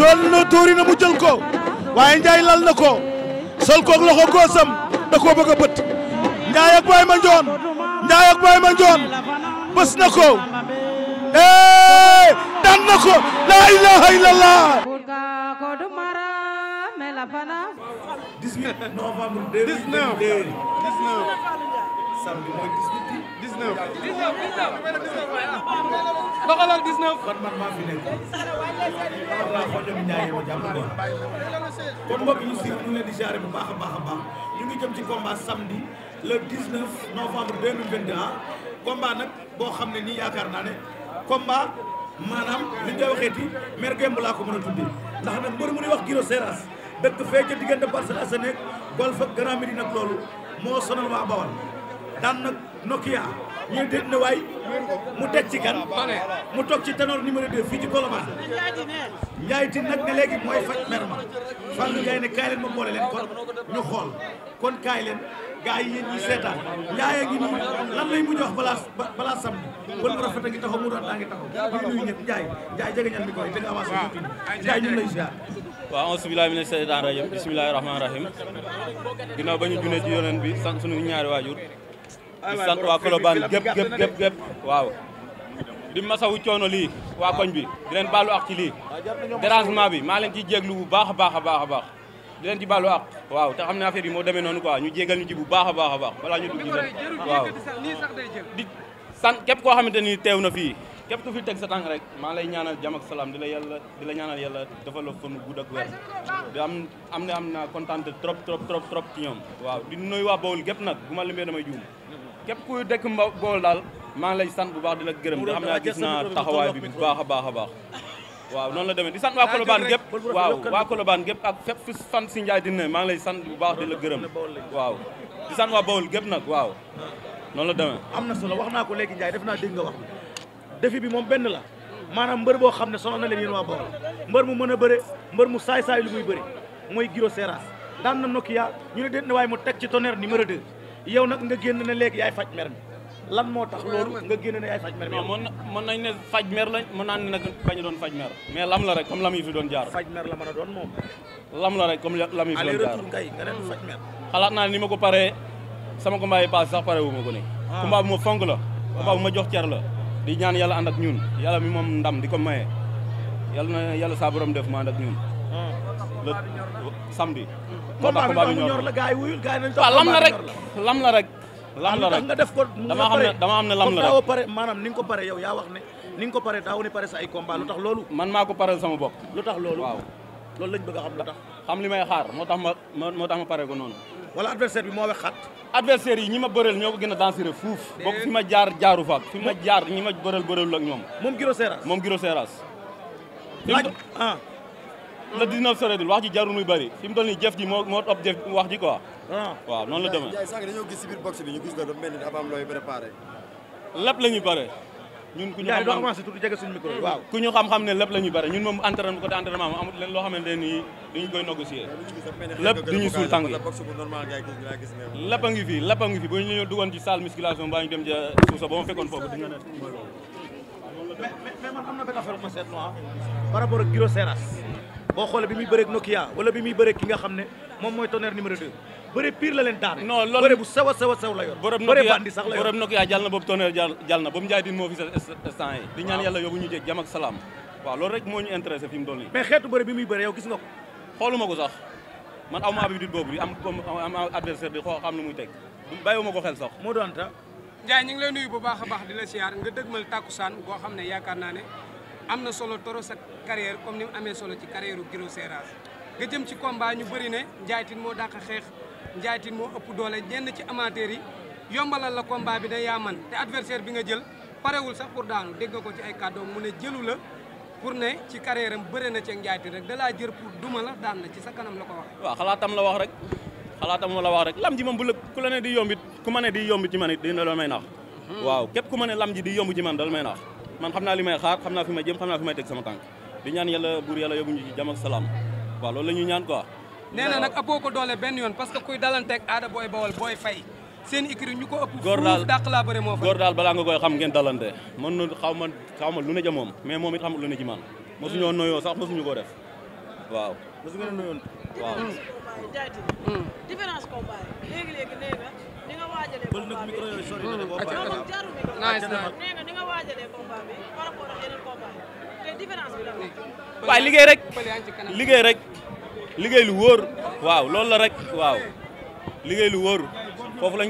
tool na tóori na mu ko waaye Ndiaye lal na ko sol koog loxo góosam da koo bëgg a bët Ndiaye ak Baye Mandione Ndiaye ak Baye Mandione bës na ko eh daan na ko laa ilaha illallah 19 doxalal 19. kon man maa fi nekk. waaw xoojo bi ñaaree ma jàpp ko. kon mbokk ñu si ñu ngi leen di jaare bu baax a baax a baax ñu ngi jëm ci combat samedi le 19 novembre 2021 combat nag boo xam ne nii yaakaar naa ne combat maanaam li nga waxeeti mer gemb laa ko mën a tuddee ndax nag mbër mu ni wax Guiro Seras dëkk fee ca diggante Parcelles Assainies Golf ak Grand Médine nag loolu moo sonal waa Bawol daan nag Nokia. ñu déet na waay mu teg ci kan mu toog ci ténor numéro 2 fii ci Colobane Ndiaye Tine nag ne léegi mooy faj mer ma Fallou Ndiaye ne kaay leen ma boole leen kon ñu xool kon kaay leen gaa yi yéen ñi seetaan Ndiaye a ngi nii lan lay mujj wax balaa balaa sam kon mu rafet a ngi taxaw mu doon daa ngi taxaw ñu nuyu ñëpp Ndiaye Ndiaye jege ñal mi koy dëgg avancé tuuti Ndiaye ñu lay ziar waaw auzu billaahi mina seytaani rajiim bismillaahi rahmaani rahiim ginnaaw ba ñu junne ci yonent bi di sant waa Colobane gépp gépp gépp gépp waaw di masawu coono lii waa koñ bi di leen baalu ak ci lii dérangement bi maa leen ciy jéglu bu baax baax a baax a baax di leen ci baalu ak waaw te xam ne affaire yi moo demee noonu quoi ñu jégal ñu ci bu baax baax a baax balaa ñu dugg waaw di sant képp koo xamante ni teew na fii képp ku fi teg sa tànk rek maa lay ñaanal jàmm ak salaam di la yàlla di la ñaanal yàlla dafa la fan gudd ak di am am na am naa kontaan trop trop trop trop ñoom waaw di nuyu waa Bawol gépp nag bu ma limee damay juum képp kuy dëkk mba bool daal maa ngi lay sant bu baax di la gërëm da xam naa gis naa taxawaay bi bu baax a baax a baax waaw noonu la demee di sant waa Colobane gépp waaw waa Colobane gépp ak fépp fu fan si Ndiaye dina maa ngi lay sant bu baax di la gërëm waaw di sant waa Bawol gépp nag waaw noonu la demee am na solo wax naa ko léegi Ndiaye def naa dégg nga wax defi bi moom benn la maanaam mbër boo xam ne soxla na leen yéen waa Bawol mbër mu mën a bëre mbër mu saay saay lu muy bëre mooy Giro daan na Nokia ñu ne déet na mu teg ci tonnerre numéro 2 yow nag nga génn na léegi yaay faj mer mi lan moo tax loolu nga génn ne yaay faj mer mi. non mën mën nañ ne faj mer lañ mën naa ne nag bañ doon faj mer mais lam la rek comme lam yi fi doon jaar. faj mer la mën a doon moom. lam la rek comme lam yi fi doon jaar kay nga ne faj mer. xalaat naa ni ma ko paree sama combat yi passé sax pare wu ma ko nii. Ah. combat bu ma fonk la. Ah. combat bu ma jox cer la. di ñaan yàlla ànd ak ñun yàlla mi moom ndam di ko maye yàlla na yàlla saa borom def ma ànd ak ñun le samedi. combat bi ba mu ñor la gars yi wuyul gars yi nañu. waaw lam la rek ah, lam la rek. lam la rek nga def ko. dama xam ne dama xam ne lam la rek pare maanaam ni nga ko pare yow yaa wax ne. ni nga ko pare daaw ni pare ay combat lu loolu. man maa ko pareel sama bopp. lu tax loolu loolu lañ bëgg xam lu tax. xam li may xaar moo tax ma moo tax ma pare ko noonu. wala adversaire bi moo wex xat. adversaire yi ñi ma bëreel ñoo ko gën a danseré fuuf. bokk fi ma jaar jaaru faak fi ma jaar ñi ma bëreel bëreel ak ñoom. moom Giro Seras moom Giro Seras. laaj ah. le 19 soreedul wax ji jarul muy bëri fi mu toll nii ji moo moo ëpp wax ji quoi. Ah. waaw noonu la demee. Ndiaye sànq dañoo gis si bi ñu gis la dafa mel ni bare. ñun ku ñu xam avancé tuuti jege suñu micro waaw xam ne lépp la ñuy bare leen loo xamante ni négocier lépp du ñu suul tàng lépp a ngi fi lépp a ngi fi bu ñu dugoon ci salle musculation mbaa ñu dem ja suusa ba ma fekkoon foofu mais mais ah. Giro Seras boo xoolee bi muy bëreeg Nokia wala bi muy bëreeg ki nga xam ne moom mooy tonnerre numéro 2 bëre pire la leen daane. non loolu bëre bu sew a sew a sew la yor. bëre bandi sax na boobu tonnerre jàll na ba mu din moo fi sa instant yi. di ñaan yàlla yóbbu ñu jéeg jàmm ak salaam. waaw loolu rek moo ñu intéressé fi mu doon nii. mais xeetu bëre bi muy bëre yow gis nga ko. xooluma ko sax man aw ma habitude boobu di am adversaire di xoo Ndiaye ñu ngi lay nuyu bu baax a baax di la siyaar nga dëgmal tàkkusaan boo xam ne yaakaar naa ne am na solo toro sa carrière comme ni mu amee solo ci carrière u Guiro nga jëm ci combat ñu bëri ne Ndiaye Tine moo dàq xeex Ndiaye moo ëpp doole ñenn ci amateurs yi yombalal la combat bi da yaa man te adversaire bi nga jël parewul sax pour daanu dégg ko ci ay kàddoom mu ne jëlu la pour ne ci carrière am bëri na ci Ndiaye Tine rek da laa jër pour duma la daan la ci sa kanam la ko wax waaw la wax rek xalaatam ma la wax rek lam ji moom bu la ku la ne di yombit ku ma ne di yombit ci man it dina la may nax hmm. waaw képp ku lam ji di yomb man xam naa li may xam naa fi may jëm xam naa fi may teg sama di ñaan yàlla buur yàlla yóbbu ñu ci salaam waaw loolu la ñuy ñaan quoi nee na nag ëppoo ko doole benn yoon parce que kuy dalanteeg aada booy bawal booy fay seen écurie ñu ko ëpp góor daal dàq laa bëre moo fa góor daal balaa nga koy xam ngeen dalante mën na xaw moom mais moom it xam lu ne ci man mosuñoo hmm. noyoo sax mosuñu koo def waaw mosu ngeen noyoon différence combat léegi léegi nee nga ni liggéey rek liggéey rek wóor waaw loolu la rek waaw liggéey lu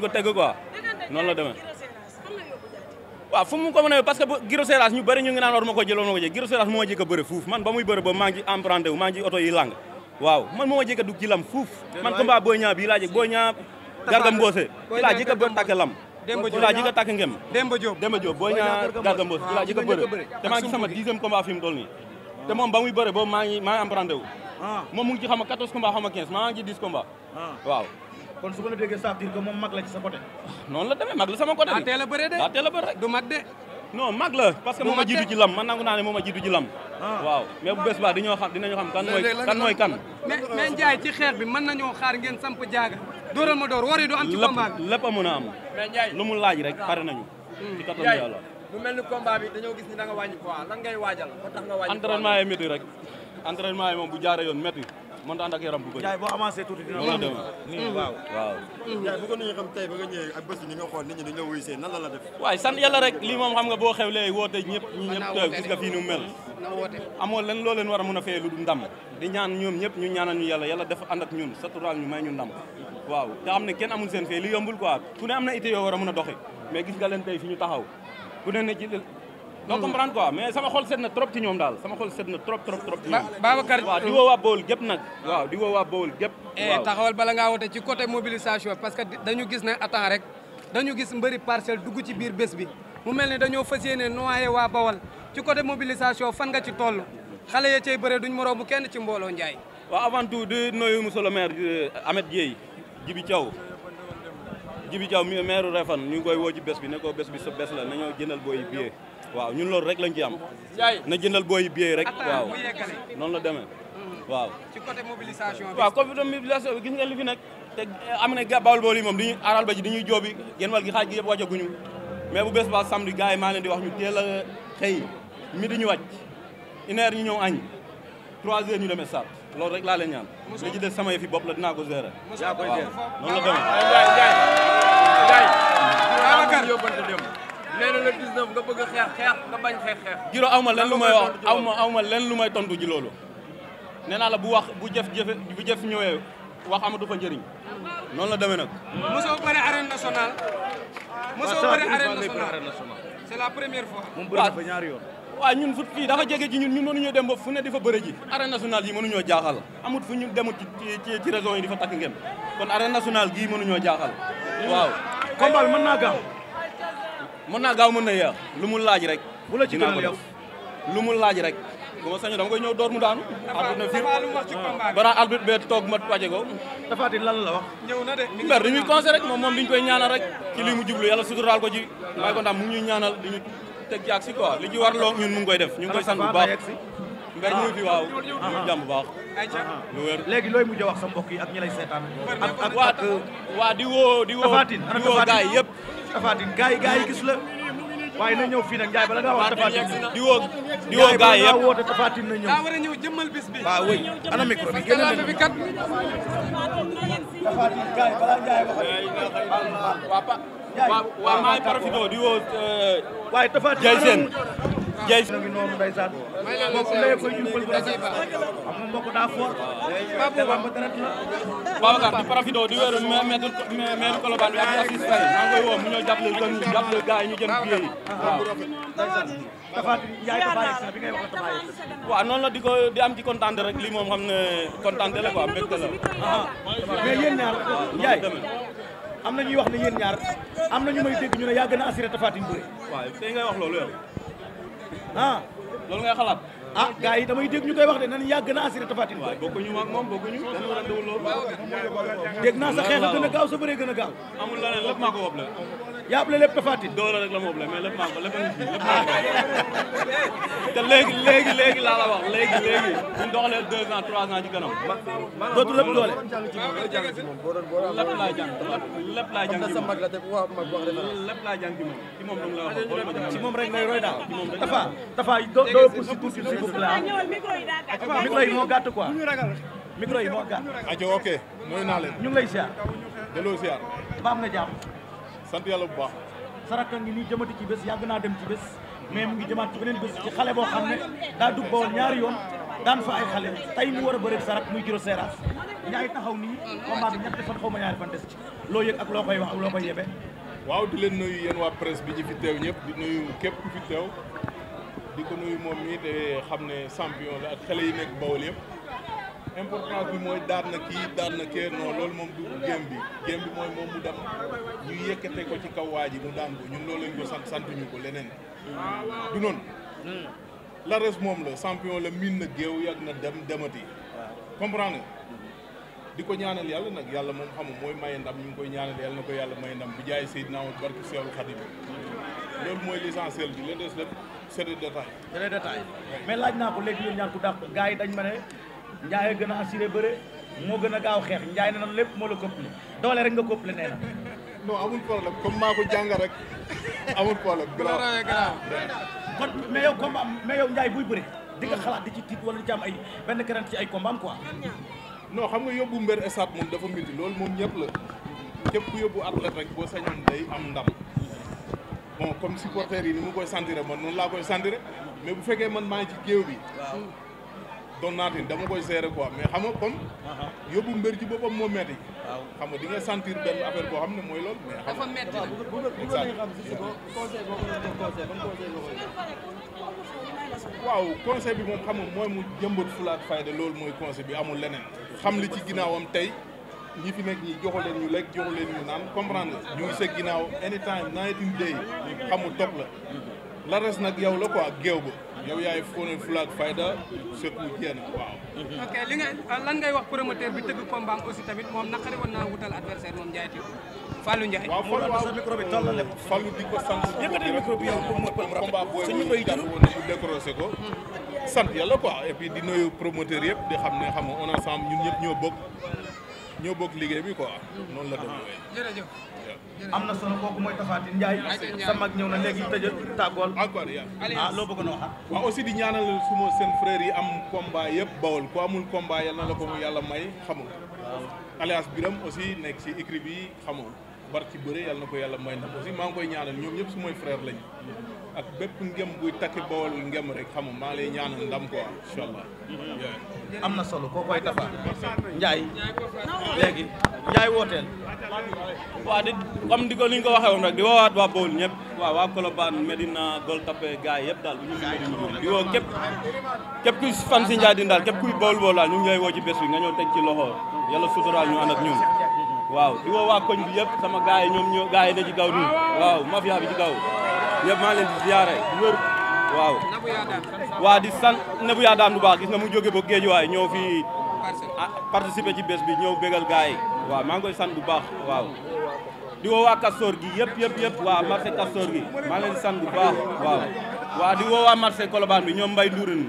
ko teg quoi noonu la demee waaw fu mu ko mën a parce que Guiro Séras ñu bëri ñu ngi naan war ma a man ba muy bëre ba maa ngi ci emprunté wu maa ngi yi lang waaw man moo ma jëkk a dugg ci lam fuuf man combat Boy Niang bii laa jëkk Garga Mbossé ci laa jëkk a takk lam ci laa jëkk a takk ngem Demba Diop Demba Diop Garga Mbossé ci laa a bëre te maa ngi sama dixième combat fi mu toll nii ah. te moom ba muy bëre maa maa ngi emprunté wu ah. moom mu ngi ci xam a quatorze combat a quinze maa ngi ci dix ah. waaw kon su ko la déggee ça veut la sa côté sama côté daa teel a bëre a bëre du mag non mag la parce que moom ma jiitu ci man nangu naa ne moo ma jiitu ci ah. waaw mais bu bés baa di ñoo xam dinañu xam kan mooy kan mooy kan mais Ndiaye ci xeex bi mën nañoo ngeen samp jaaga dóoral ma door war yi du am ci combat a mën a am lu mu laaj rek pare nañu hmm. ci kattan yàlla mu mel ni combat dañoo gis ni nga wàññi poids lan ngay waajal nga wàññi entraînement yi métti rek moom bu jaare yoon métti mënut a ànd ak yaram bu bëri. boo avancé tuuti dina la demee waaw waaw. Ndiaye waaye sant yàlla rek lii moom xam nga boo xewlee woote ñëpp ñi ñëpp teew gis nga mel. amoo leen loo leen war a mën a fee lu ndam di ñaan ñoom ñëpp ñu ñaanal ñu yàlla yàlla def ànd ñun satural ñu may ñu ndam waaw te xam ne kenn amul seen fee li yombul quoi ku ne am na ité yoo war a mën a doxi mais gis nga leen tey fi ñu taxaw ku ne ne doo comprendre quoi mais sama xol set na trop ci ñoom daal sama xol na trop trop trop ci ñoom Babacar waaw di woo waa Bawol gépp nag waaw di woo waa Bawol gépp eh, taxawal bala nga wote ci côté mobilisation parce que dañu gis ne attend rek dañu gis mbëri parcelle dugg ci biir bes bi mu mel ne dañoo fas yéene noyé waa Bawol ci côté mobilisation fan nga ci toll xale ya cey bëre duñ mu kenn ci mbooloo Ndiaye wa avant tout di nuyu monsieur le maire euh, Ahmed Dieye Jibi Thiaw Jibi Thiaw maire Réfane ñu ngi koy woo ci bés bi ne ko bés bi sa bés la nañoo jëndal booy waaw ñun loolu rek lañ ci am. na jëndal booy billet rek. waaw noonu la deme waaw. ci côté mobilisation bi. waaw côté mobilisation bi gis nga li fi nekk te eh, am na ga bawol bool yi moom di ñu aaral ba ci di ñuy joobi genn wàll gi xaaj gi yëpp wàccaguñu mais bu bés ba samedi gars yi maa leen di wax ñu teel a xëy mi di ñu wàcc une heure ñu ñëw añ trois heures ñu demee sat loolu rek laa leen ñaan. li ci des sama yëf yi bopp la dinaa ko gérer. yaa koy gérer noonu la demee. nee na le 19 nga a ma lenn lu may ma aw ma lenn lu may tontu ji loolu. nee naa la bu wax bu jëf jëfe bu jëf ñëwee wax amatu fa njëriñ noonu la demee nag. mosoo bëri arène nationale. mosoo bëri arène nationale c'est la première fois. moom bëri ba ñaari yoon. waa ñun fu fii dafa jege ci ñun ñun mënuñoo dem ba fu ne di fa bëri ji arène nationale yi mënuñoo jaaxal amut fu ñu demut ci ci raison yi di fa takk ngeen kon arène nationale gii mënuñoo jaaxal waaw combat bi mën naa gaaw mën naa gaaw mën na yeex lu mu laaj rek. bu la ci gën a lu mu laaj rek. bu ma sañoon ñëw door mu daanu. arbitre na fiir balaa arbitre bee toog ma wàcce ko. Tapha Tine lan la ñëw na de mbër dañuy conseil rek moom moom diñ koy ñaanal rek. ci li mu jublu yàlla suturaal ko ci. waaye ko ndax mu ngi ñuy ñaanal di ñu teg ci ak si quoi li ci war loo ñun mu ngi koy def. ñu ngi koy san bu baax mbër ñu fi waaw ñu jàmm bu baax. lu wér wax sa mbokk yi ak ñi lay seetaan. ak ak waa di woo di woo. Tapha Tine di gaay yëpp Tafatine gars yi gars yi gis la waaye na ñëw fii nag Ndiaye bala ngaa wax Tafatine. na ñëw. daa war bis bi. waaw wëy ana micro bi génne nañu ko. Tafatine gars yi Dieye ñu ngi noonu ndeysaan mbokk lay koy na mbokk daa fort te Bamba deret la Babacar di profito di wéeru maire maire Colobane bi ak Assis Faye maa ngi koy woo mu ñëw jàppale jeunes yi jàppale gars yi ñu noonu la di ko di am ci kontaan rek lii moom xam ne kontaan la quoi mbégte la mais yéen ñaar am na ñuy wax ne yéen ñaar am na ñu may dégg ñu ne yaa gën a assuré Tafaat Ndiaye wax loolu ah loolu ngay xalaat a ah, gars yi damay dégg ñu koy wax de nan yàgg na assuré Tapha Tine waaw bokkuñu ak moom bokkuñu dañu war a dawul loolu dégg naa sa xeex a gën a gaaw sa bëree gën a gaaw amul leneen lépp maa ko wob la yaa ëppale lépp Tapha Tine. doole rek la moom la mais lépp maa ko lépp maa ko te léegi léegi léegi laa la wax léegi léegi buñ doxalee deux ans trois ans ci kanam. dootul lépp doole. lépp laa jàng lépp laa jàng ci moom lépp laa jàng ci moom ci moom dong la wax ci moom rek ngay roy daal. Tapha Tapha doo doo pour si tuuti s'il vous plaît micro yi moo gàtt quoi micro yi moo gàtt. ajo ok nuyu naa leen. ñu ngi lay ziar. delloo ziar. ba am nga jàmm. sant yàlla bu baax. saraka ngi nii jëmati ci bés yàgg naa dem ci bés mais mu ngi jëmaat ci beneen bés ci xale boo xam ne daa dugg woon ñaari yoon daan fa ay xale tey mu war a bëreeg sarak muy Guiro Seras Ndiaye taxaw nii combat bi ñetti fan xaw ma ñaari fan des ci loo yëg ak loo koy wax ak loo koy yebe. waaw di leen nuyu yéen waa presse bi ñu fi teew ñëpp di nuyu képp ku fi teew di ko nuyu moom mii te xam ne champion la ak xale yi nekk Bawol yëpp. importance bi mooy daan na kii daan na kee loolu moom du gém bi bi mooy moom mu dem ñu yëkkate ko ci kaw waa ji mu daan ko ñun loolu lañ ko sant santuñu ko leneen du noonu Lares moom la champion la miin na géew yàgg na dem demati comprendre di ko ñaanal yàlla nag yàlla moom xamul mooy maye ndam ñu ngi koy ñaanal yàlla na ko yàlla maye ndam bu jaay Seydina Amad barki Seexul loolu mooy l'essentiel bi la des lépp c'est des laaj naa ko léegi yi dañ njaay gën a assuré bëre moo gën a gaaw xeex njaay ne na lépp moo la coppile doole rek nga coppile nee na non amul problème comme maa ko jàng rek amul problème gaaw ah. kon mais yow combat mais yow njaay buy di nga xalaat di ci ay benn crainte ci ay combat am xam nga yóbbu mbër esat moom dafa métti loolu ñëpp la képp ku yóbbu athlète rek boo am ndam bon comme supporters yi ni mu koy sentir man noonu laa koy sentir mais bu fekkee man maa ngi ci géew bi doon naatin dama koy seere quoi mais xam nga comme yóbbu mbër ci boppam moo metti xam nga di nga sentir benn affaire boo xam ne mooy loolu mais dafa metti nag waaw conseil bi moom xam nga mu jëmbat fulaat fayda loolu mooy bi amul leneen xam li ci ginnaawam tey ñi fi nekk ñi joxu leen ñu lekk joxu leen ñu naan comprendre la ñu ngi ginnaaw anytime night and day xam nga topp la la res nag yow la ko ak géew ba yow yaay fóonal flag fayda seku waaw. ok li nga lan ngay wax promoteur bi tëgg combat aussi tamit moom naqari woon naa wutal adversaire moom Ndiaye Tine Fallou Ndiaye. waaw Fallou micro bi tàllal lépp. Fallou di ko sant. yëkkatil bi ko. sant yàlla quoi et puis di nuyu promoteur yëpp di xam ne xam nga on ensemble ñun ñëpp ñoo bokk ñoo bokk liggéey bi quoi. noonu la demee. jërëjëf. am na solo kooku mooy Tafaatine Ndiaye sa mag ñëw na léegi tëjë tàggool ah loo bëggoon na wax ah? waaw aussi di ñaanal suma seen frères yi am combat yëpp bawol ku amul combat yal na la ko yàlla may xamul alias Biram aussi nekk ci écrit bi xamul barki bëre yàlla na ko yàlla mooy ndax aussi maa ngi koy ñaanal ñoom ñëpp su mooy frère lañu ak bépp ngem buy takki bawol ngem rek xam nga maa ngi lay ñaanal ndam quoi incha allah. am na solo koo koy tafa Ndiaye léegi Ndiaye wooteel. waaw di comme di ko ni ñu ko waxee woon rek di woowaat waa Bawol ñëpp waaw waa Colobane Medina Gueule Tapée gars yëpp daal bu ñu di woo képp képp kuy si Ndiaye daal képp kuy Bawol Bawol daal ñu ngi lay woo ci bés bi nga ñëw teg ci loxo yàlla suturaal ak ñun. waaw di woo koñ bi yëpp sama gars yi ñoom ñoo gars yi ne ci kaw nii waaw mafia bi ci kaw yëpp maa leen di ziare wër waaw waa di sant Nebou Yaa Daan bu baax gis nga mu jóge ba Géejuwaay ñëw fii ah, participer ci bés bi ñëw bégal gars yi waaw maa ngi koy sant bu baax waaw di woo waa Castor gi yëpp yëpp yëpp waa marché Castor gi maa leen di sant bi ñoom Mbaye Ndourène